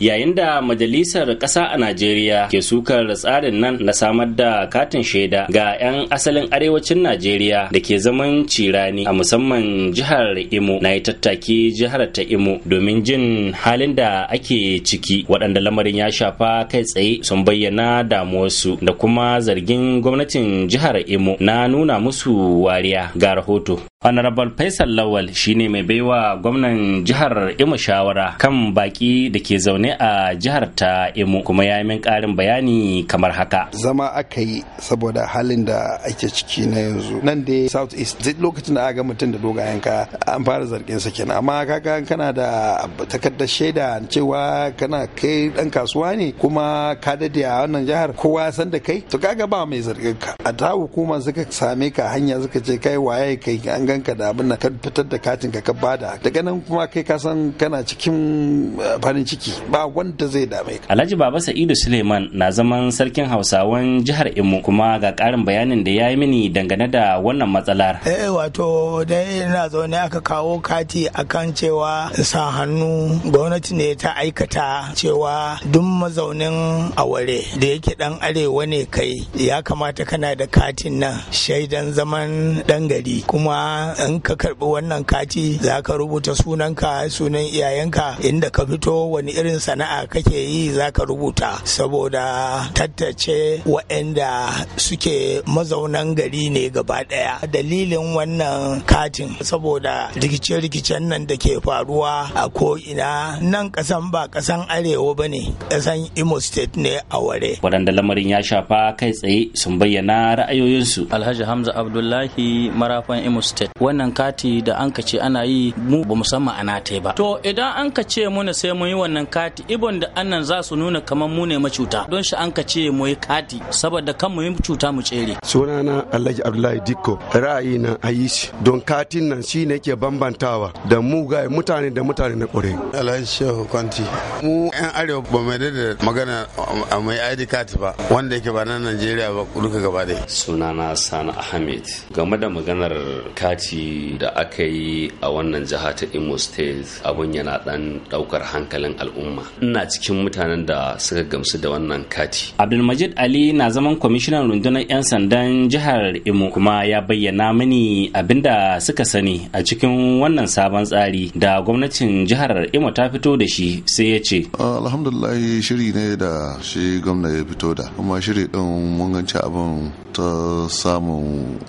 yayin da majalisar ƙasa a najeriya ke sukar tsarin nan na samar da katin shaida ga 'yan asalin arewacin najeriya da ke zaman cirani a musamman jihar imo na yi tattaki jihar ta imo domin jin halin da ake ciki waɗanda lamarin ya shafa kai tsaye sun bayyana damuwarsu da kuma zargin gwamnatin jihar imo na nuna musu wariya ga rahoto Honorable Faisal Lawal shine mai baiwa gwamnan jihar Imo shawara kan baki da ke zaune a jihar ta Imo kuma ya min karin bayani kamar haka. Zama aka yi saboda halin da ake ciki na yanzu. Nan dai South East lokacin da aka mutum da dogayen ka an fara zargin sa kenan amma kaga kana da takardar shaida cewa kana kai dan kasuwa ne kuma ka dade a wannan jihar kowa san da kai to kaga ba mai zargin ka. A ta hukumar suka same ka hanya suka ce kai waye kai an ganka da abin ka fitar da katin ka bada daga nan kuma kai ka san kana cikin eh, farin ciki ba wanda zai dame ka Alhaji Baba Sa'idu Suleiman na zaman sarkin Hausawan jihar Imo kuma ga karin bayanin da ya yi mini dangane da wannan matsalar eh wato dai ina zaune aka kawo kati akan cewa sa hannu gwamnati ne ta aikata cewa duk mazaunin aware da yake dan arewa ne kai ya kamata kana da katin nan shaidan zaman dan gari kuma in ka karbi wannan kati za ka rubuta sunanka sunan iyayenka inda ka fito wani irin sana'a kake yi za ka rubuta saboda tattace waɗanda suke mazaunan gari ne gaba ɗaya dalilin wannan katin saboda rikice-rikicen nan da ke faruwa a ko'ina nan ƙasan ba ƙasan arewa ba ne kasan imo state ne a ware waɗanda lamarin ya shafa kai tsaye sun bayyana ra'ayoyinsu alhaji hamza abdullahi marafan imo state wannan kati da an ka ce ana yi mu ba musamman ana ta ba to idan an ka ce muna sai mun yi wannan kati ibon da annan za su nuna kamar mu ne macuta don shi an ka ce mu yi kati saboda kan mu yi cuta mu tsere sunana Alhaji Abdullahi Dikko ra'ayi na ayi don katin nan shi ne ke bambantawa da mugaye mutane da mutane na kore. Alhaji Shehu Kwanti mu yan arewa ba mai da magana a mai ID kati ba wanda yake ba na Najeriya ba duka gaba dai sunana Sani Ahmed game da maganar kati ce da aka yi a wannan jiha ta Imo State abun yana dan daukar hankalin al'umma. Ina cikin mutanen da suka gamsu da wannan kati. Abdulmajid Ali na zaman kwamishinan rundunar 'yan sandan jihar Imo kuma ya bayyana mini abinda suka sani a cikin wannan sabon tsari da gwamnatin jihar Imo ta fito da shi sai ya ce. Alhamdulillah shiri ne da shi gwamna ya fito da kuma shiri din mun ganci abin ta samun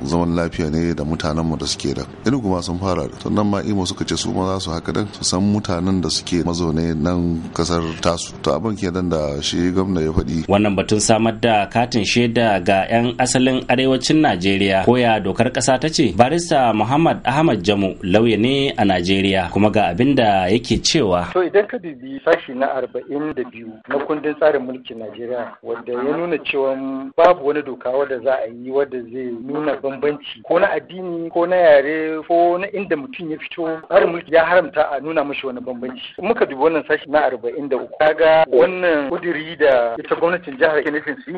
zaman lafiya ne da mutanenmu da kenan enugu ma sun fara da. sannan ma imo suka ce su ma za su haka dan su san mutanen da suke mazaune nan kasar tasu to abin kenan da shi gwamna ya faɗi wannan batun samar da katin shaida ga 'yan asalin arewacin najeriya koya dokar kasa ta ce barista muhammad ahmad jamu lauya ne a najeriya kuma ga abin da yake cewa to idan ka bibi sashi na arba'in da biyu na kundin tsarin mulkin najeriya wanda ya nuna cewa babu wani doka wadda za a yi wadda zai nuna bambanci ko na addini ko na yare ko na inda mutum ya fito har mulki ya haramta a nuna mashi wani bambanci muka dubi wannan sashi na arba'in da uku kaga wannan kudiri da ita gwamnatin jihar ke nufin su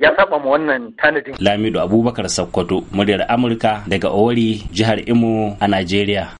ya saba ma wannan tanadin lamido abubakar sakkwato muryar amurka daga owari jihar imo a najeriya